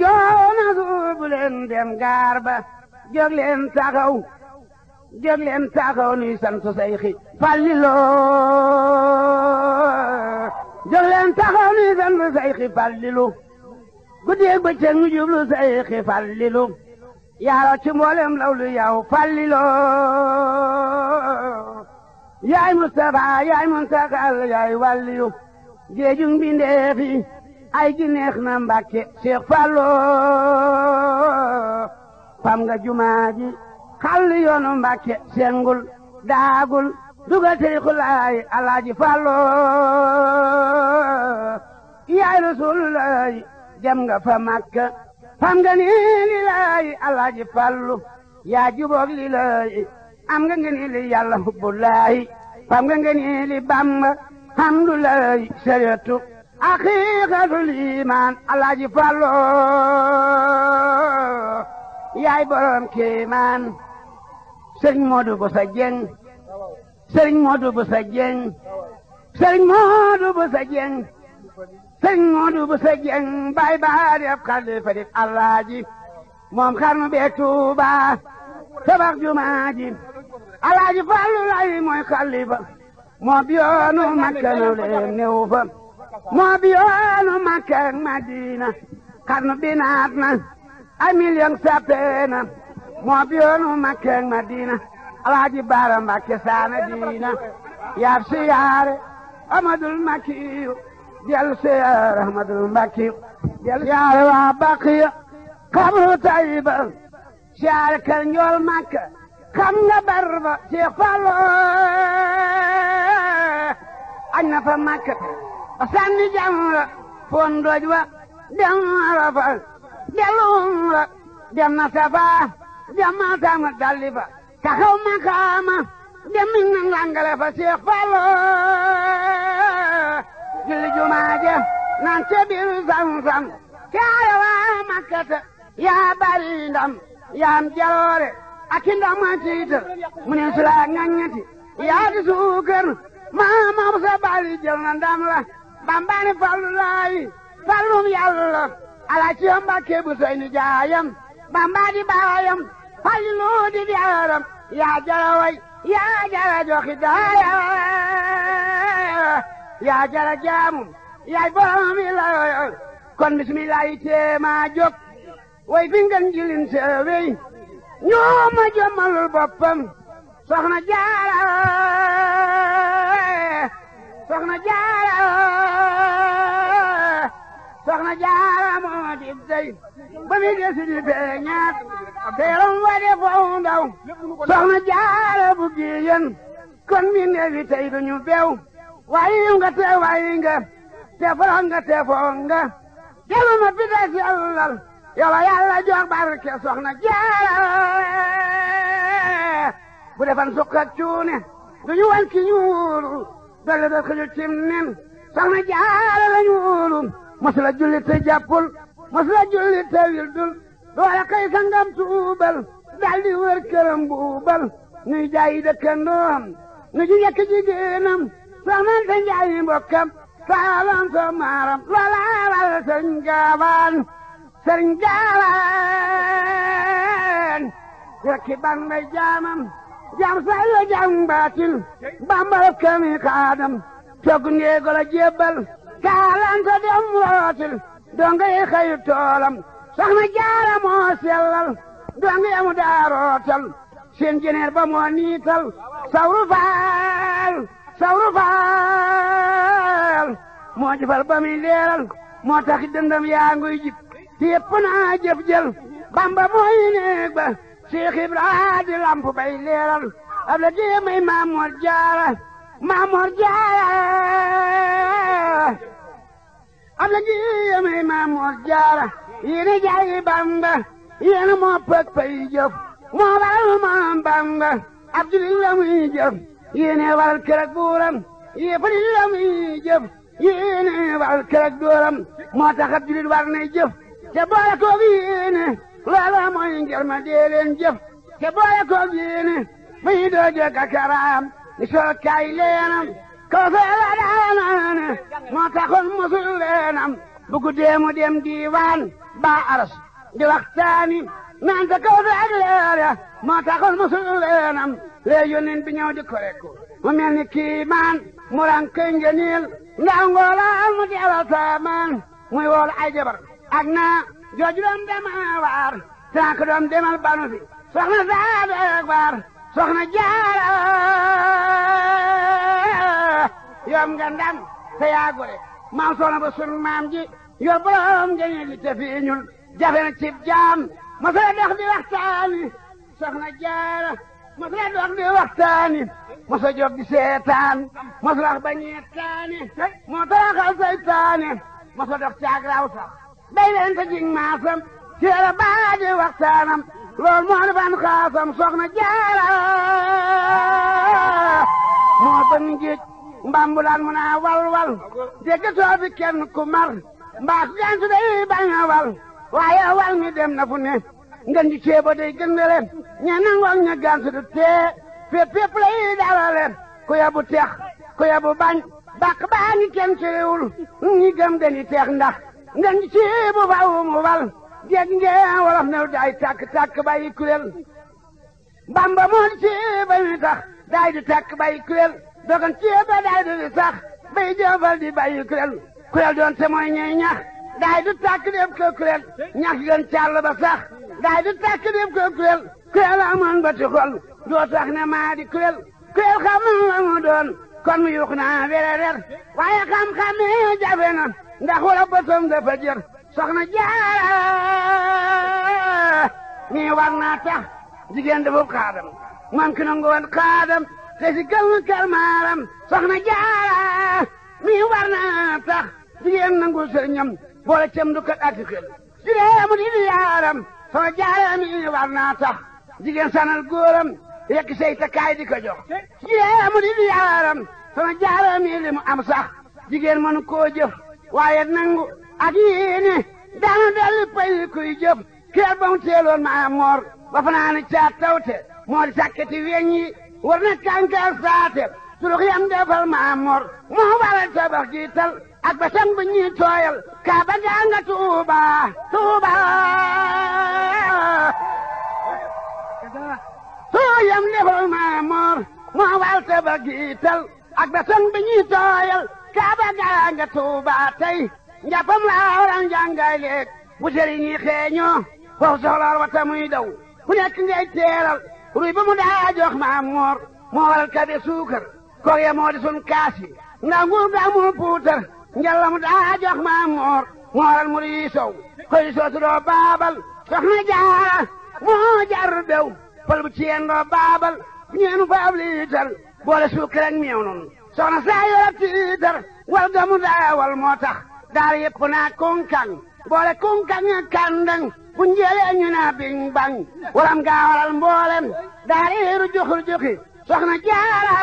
joona suubu leen dem gaar ba jóg leen taxaw jóg leen taxaw nuy sant Seyxi Fallilo jóg leen taxaw nuy sant Seyxi Fallilu guddeeg bëccëg ñu jublu Seyxi lu yow Fallilo yaay Mustafa yaay Muntakal yaay wàlliyu géejug ay gi na mbàkke Cheikh Fallo fam nga jumaa ji xàll yoonu mbàkke sengul daagul dugal tariixu laay alaaji Fallo yaay rasulullaay jam nga fa Makka fam nga ni laay alaaji Fallu yaa juboog li laay am nga ngeen li yàlla hubbu fam nga ngeen li Bàmba hamdulaay sariyatu haqiqatul iman alaaji Fallu yaay borom kéemaan sëriñ Modou Boussa Dieng sëriñ Modou Boussa Dieng sëriñ Modou Boussa Dieng bay baa def xalifa di moom xarnu bee Tuuba tabax jumaa ji alaaji Fallu mooy xalifa moom yoonu Makka new leen néew fa moo bi yoonu Makka ak Madina ay million sappee moo bi yoonu Makka ak Madina Alaaji Baara saana diina yaab siyaare Amadul Makkiyu dellu siyaare Amadul Makkiyu dellu siyaare waa Baqiya xabru Tayiba siyaare kër njool Makka xam nga barba Seex Fallu añ na fa Makka sànni jamra fon doj wa dem Arafat dellu umra dem na Safaa dem ma tama dalli fa taxaw makaama dem mi nan langale fa Seex julli jumaa nan ca biir Samsam kaaya waa Makkata yaa bari ndam yaa am jaloore ak ndam ma tiital mu ne su la ngañati suukar ma sa bari jël na ndam la Bamba ni fallu laay fallum yàlla alaaji Mbàkke bu jaayam Bamba di baayam fallu di jaaram yaa jara way yaa jara joxi daaya yaa jara jaamum yaay borom kon bismillah teema jóg way fi ngeen jilin seewey ñoo ma boppam soxna jaara soxna na soxna jaara moo di dey ba mi desi di beñaat teeram wa de foo ndaw soxna jaara bu giyen kon mi neefi tey duñu bew wayu te wayu te foroon te foon nga jama ma pita sellal yow yàlla jox barke soxna jaara bu defan sukk ak cuune duñu wan ki ñuul dolle da xëjul cim nen soxna jaara a wóolum masula julli te jàppul masula julli te wildul doole kay sangam tuubal daldi wër këram buubal nuy jaayi dëkkandoom nu ji yekk jigéenam soxnante njaayi mbokkam saalam so maaram loolaa wal sëñ gaawaan sëñ ban may jaamam jam sayla jam baatil bambara kami kaadam cog ngeegol a jébbal kaalanta dem rootil donga yi xayu toolam soxna jaara moo sellal donga yamu daa rootal seen ba moo niital sawru faal sawru faal moo jëfal ba muy leeral moo tax dëndam yaa nguy jib tépp naa jëf jël bamba mooy néeg ba Seex Ibra di lamp bay leeral ab la déem ay Maamoor Jaara Maamoor Jaara ab la déem ay Maamoor Jaara yéena jaayi Bamba yéena moo pëg pay jëf moo waral moom Bamba ab jullit la muy jëf yéena waral kër ak buuram yéefali la muy jëf yéena waral kër ak dóoram moo tax ab jullit war nay jëf te boole koogi yéena loola mooy ngir ma dee leen jëf te boole koog yéene muy doo jëkk a karaam ni soog kaay leenam kaw sa la daanaane moo taxoon musul leenam bu guddee mu dem diiwaan baa aras di waxtaani naan kaw sa ak lee yónneen bi ñëw di ko rekku mu mel ni kiimaan mu rang këy ngeniil ndax ngoolaan mu di alal muy wool ay jabar ak naa jooju doom dama waar tànk doom demal banu fi soxna saa doog waar soxna jaara yoom nga te yaa gore maam soxna ba sun maam ji yor borom nga te fi jafe na cib jaam ma sala dox di waxtaani soxna jaara ma sala dox di waxtaani ma sa di seetaan ma sa wax moo taraxal saytaani ma sa dox caag raw sax day leen te jig maasam téere baa di waxtaanam lool moo di ban xaasam soxna jaara moo ba njiit mbambulaan mu naa wal wal dégg too fi kenn ku mar mbaa ku gantu day bañ a wal waaye wal mi dem na fu ne ngën ji ceeba day gën le leen ña nangoog ña gantu du tee fépp fépp lay dara leen ku yabu teex ku yabu bañ bàq baa ngi kenn ci réewul ñi gëm dañuy teex ndax ngeen ci bu faw mu bal géej ngeen wolof new daay tàkk tàkk bàyyi kuréel bamba moo di ci ba muy tax daay di tàkk bàyyi kuréel dogan ci ba daay di sax bay jëfal di bàyyi kuréel kuréel doon te mooy daay di tàkk dem ko kuréel ñax gën càll ba sax daay di tàkk dem ko kuréel kuréel amoon ba ti xol doo tax ne maa di kuréel kuréel xam la mu doon kon mu yuux naa werereer waaye xam-xam jafe na ndax wala bëtam dafa jër soxna jaara mi war naa tax jigéen dafa xaadam moom ki nangu woon xaadam te si gël kalmaaram soxna jaara mi war naa tax jigéen nangu sëriñam boole cem du kat ak xel jureemu di yaaram soxna jaara mi war naa tax jigéen sanal góoram yekk say takkaay di ko jox jureemu di yaaram soxna jaara mi li mu am sax jigéen mënu koo jëf waaye nangu ak yéene daanu dellu pay kuy jëf keer ba mu teeloon maa ba fanaani caat moo di sàkkati weñ yi war na kànkaar saate surux yam defal maa moo waral tabax jiital ak ba sang kaa ba gaa tuuba tuuba surux yam defal maa moo waral tabax jiital ak ba sang kaaba gaa nga tuuba tey laa waral njàngaay leeg bu sëriñ yi xeeñoo foofu daw ku nekk ngay teeral ruy ba mu daa jox maam moor moo waral kabe suukar koog ya moo sun kaas yi nguur daa puutar njalla mu daa jox maam moor moo waral mu rii sow koy doo baabal soxna jaara moo jar bew pal bu ciyeen doo baabal ñeenu faab liitar boole suukar ak meew noonu soxna saa yore tiitar wal gamu daawal moo tax daal yëpp naa kunkan boole kunkan ak kàndang bu njëlee ñu naa biñ walam gaa waral mboolem daal iiru joxul joxi soxna jaara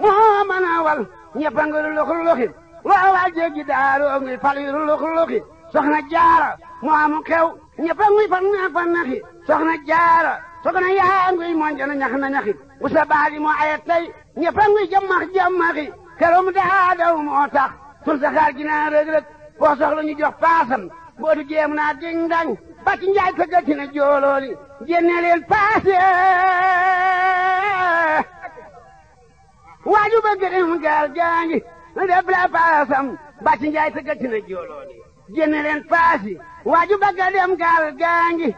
moo mën a wal ñëpp a ngi luxul luxi loo wal jéggi daaroo ngi fal yu luxul soxna jaara moo amu xew ñëpp a ngi fan soxna jaara soxna yaa ngi moon jana ñax na ñaxi bu sa baali moo ayet tey ñëpp a ngi jàmmax-jàmmaxi keroom daa daw moo tax sun saxaar gi naa rëg ñu jox paasam boo du naa ding dang njaay ko gëti na joolooli génne leen paase waaju ba gërim gaal gaangi def la paasam ba njaay ko gëti na leen paasi waaju ba gaal gaangi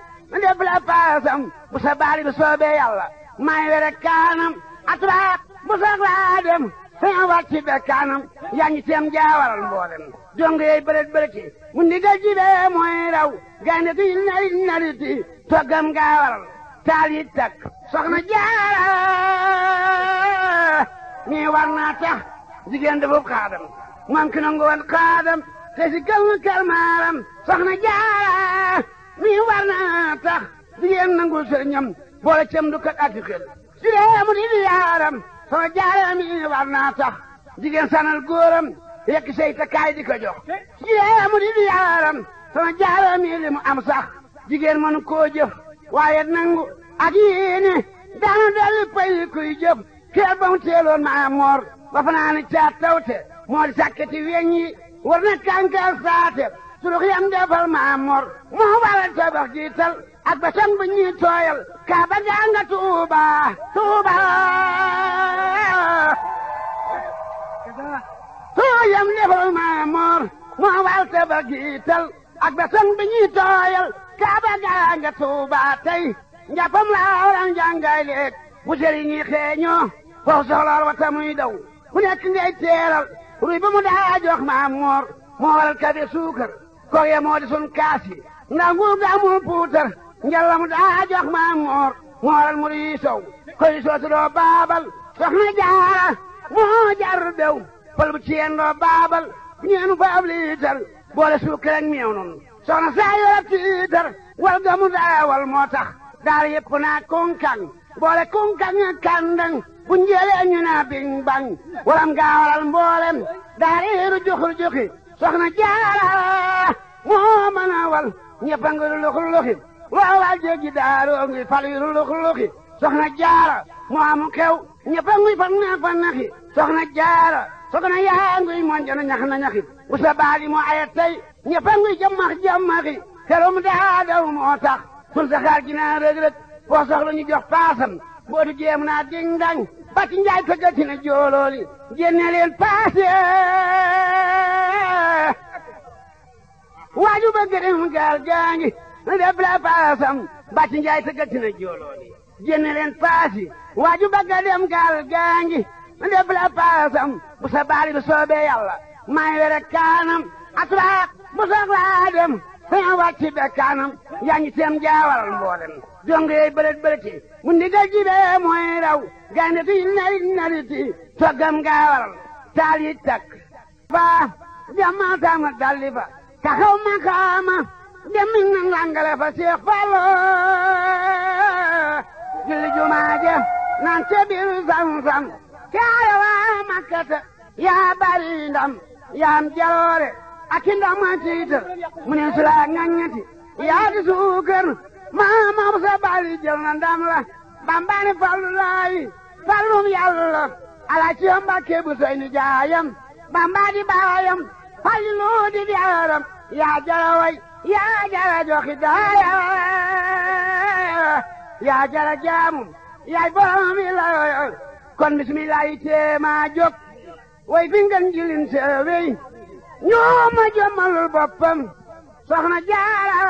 def la paasam bu sa baari bi soobee yàlla may were kaanam atraak bu sax laa dem sañoo waat ci bekkaanam yaa ngi teem jaawaral mboolem dong yey bërët bërëti mu ndigal ji bee mooy raw gaynde ti narit nariti toggam gaawaral taal yi takk soxna jaara mii war naa tax jigéen dafub xaadam moom ki nangu woon xaadam te si kël kalmaaram soxna jaara mii war naa tax jigéen nangu sëriñam boole cem du kat ati xel si dee mu di yaaram soo i mi war naa tax jigéen sanal góoram yekk sey te di ko jox jigéen mu di di yaaram sama jaaree mi li mu am sax jigéen mënu koo jëf waaye nangu ak yii ni daanu delli pay kuy jëf keel ba mu teeloon maa moor ba fanaani caat tawte moo di sàkkati weñ war na kànkaal saate surux yam defal maa moor moo waral tabax jiital ak bëtam bu ñuy tooyal kaaba gaa nga tuuba tuuba tooyam defal maamoor moo walte ba giital ak bëtam bu ñuy tooyal kaaba gaa nga tuuba tey njàppam laa waran jàngay leeg bu jëriñi xeeñoo foofu wa tamuy daw ku nekk ngay teeral ruy ba mu daa jox maamoor moo waral kabe suukar kooge moo di sun kaas yi ndax nguur puutar njalla mu daa jox ma moor mooral mu rii sow koy doo baabal soxna jaara moo jar dew fal bu ciyeen doo baabal ñeenu fa ab liitar boole suukar ak meew soxna saa yor tiitar wal ga mu daawal moo tax daar yëpp naa kunkang boole kunkang ak kàndang bu njëlee ñu naa bing walam gaa waral mboolem daar iiru juxur juxi soxna jaara moo mën a wal ñëpp a ngi luxi waaw waa jéggi daaroo ngi fal yu luxi soxna jaara moo am xew ñëpp a ngi fan naa fa jaara soxna yaa ngi moon jana ñax na ñaxi usa baali moo aya tey ñëpp a ngi jàmmax jàmmaxi xerum daa daw moo tax sun saxaar gi naa rëg rëg boo soxla ñu paasam boo du jéem naa ding dang na joolooli génne leen waaju ba gërëm gaal gaangi nu def la paasam bàcc njaay tëggati na jooloon yi génne leen paasi waaju bëgg a dem gaal gaa ngi nu def la paasam bu sa may were kaanam aturaat bu soxlaa dem fañu wàcc be kaanam yaa mboolem dong yey bërët bërëti mu ndigal jibee raw gaynde ti narit nariti toggam gaawaral taal yi takk ba jamaa taama dalli ba makaama dem nan langale fa Seex Fallu julli jumaa ja naan ca biir Zamzam kaare waa Makkata yaa bari ndam yaa jaloore ak ndam a tiital mu ne su laa ŋaññati yaa di suukar maa moom sa bari ndam la bambani Fallu laayi fallum Yàlla ala ci yom Mbàkke bu jaayam bamba di baayam Fallu di biyaaram yaa jalaway yaa jara joxi daaya yaa jara jaamu yaay borom mi la kon bismillah yi teema jóg way fi ngeen seewey ñoo ma jommalul boppam soxna jaara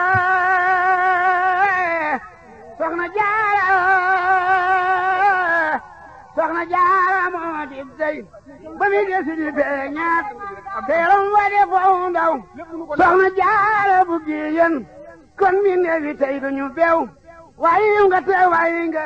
moo di dey ba mi desi di feeñaat te yaram wade foofu ndaw soxna jaara bu jigéen kon mi ne fi tey duñu beew waaye nga te waaye nga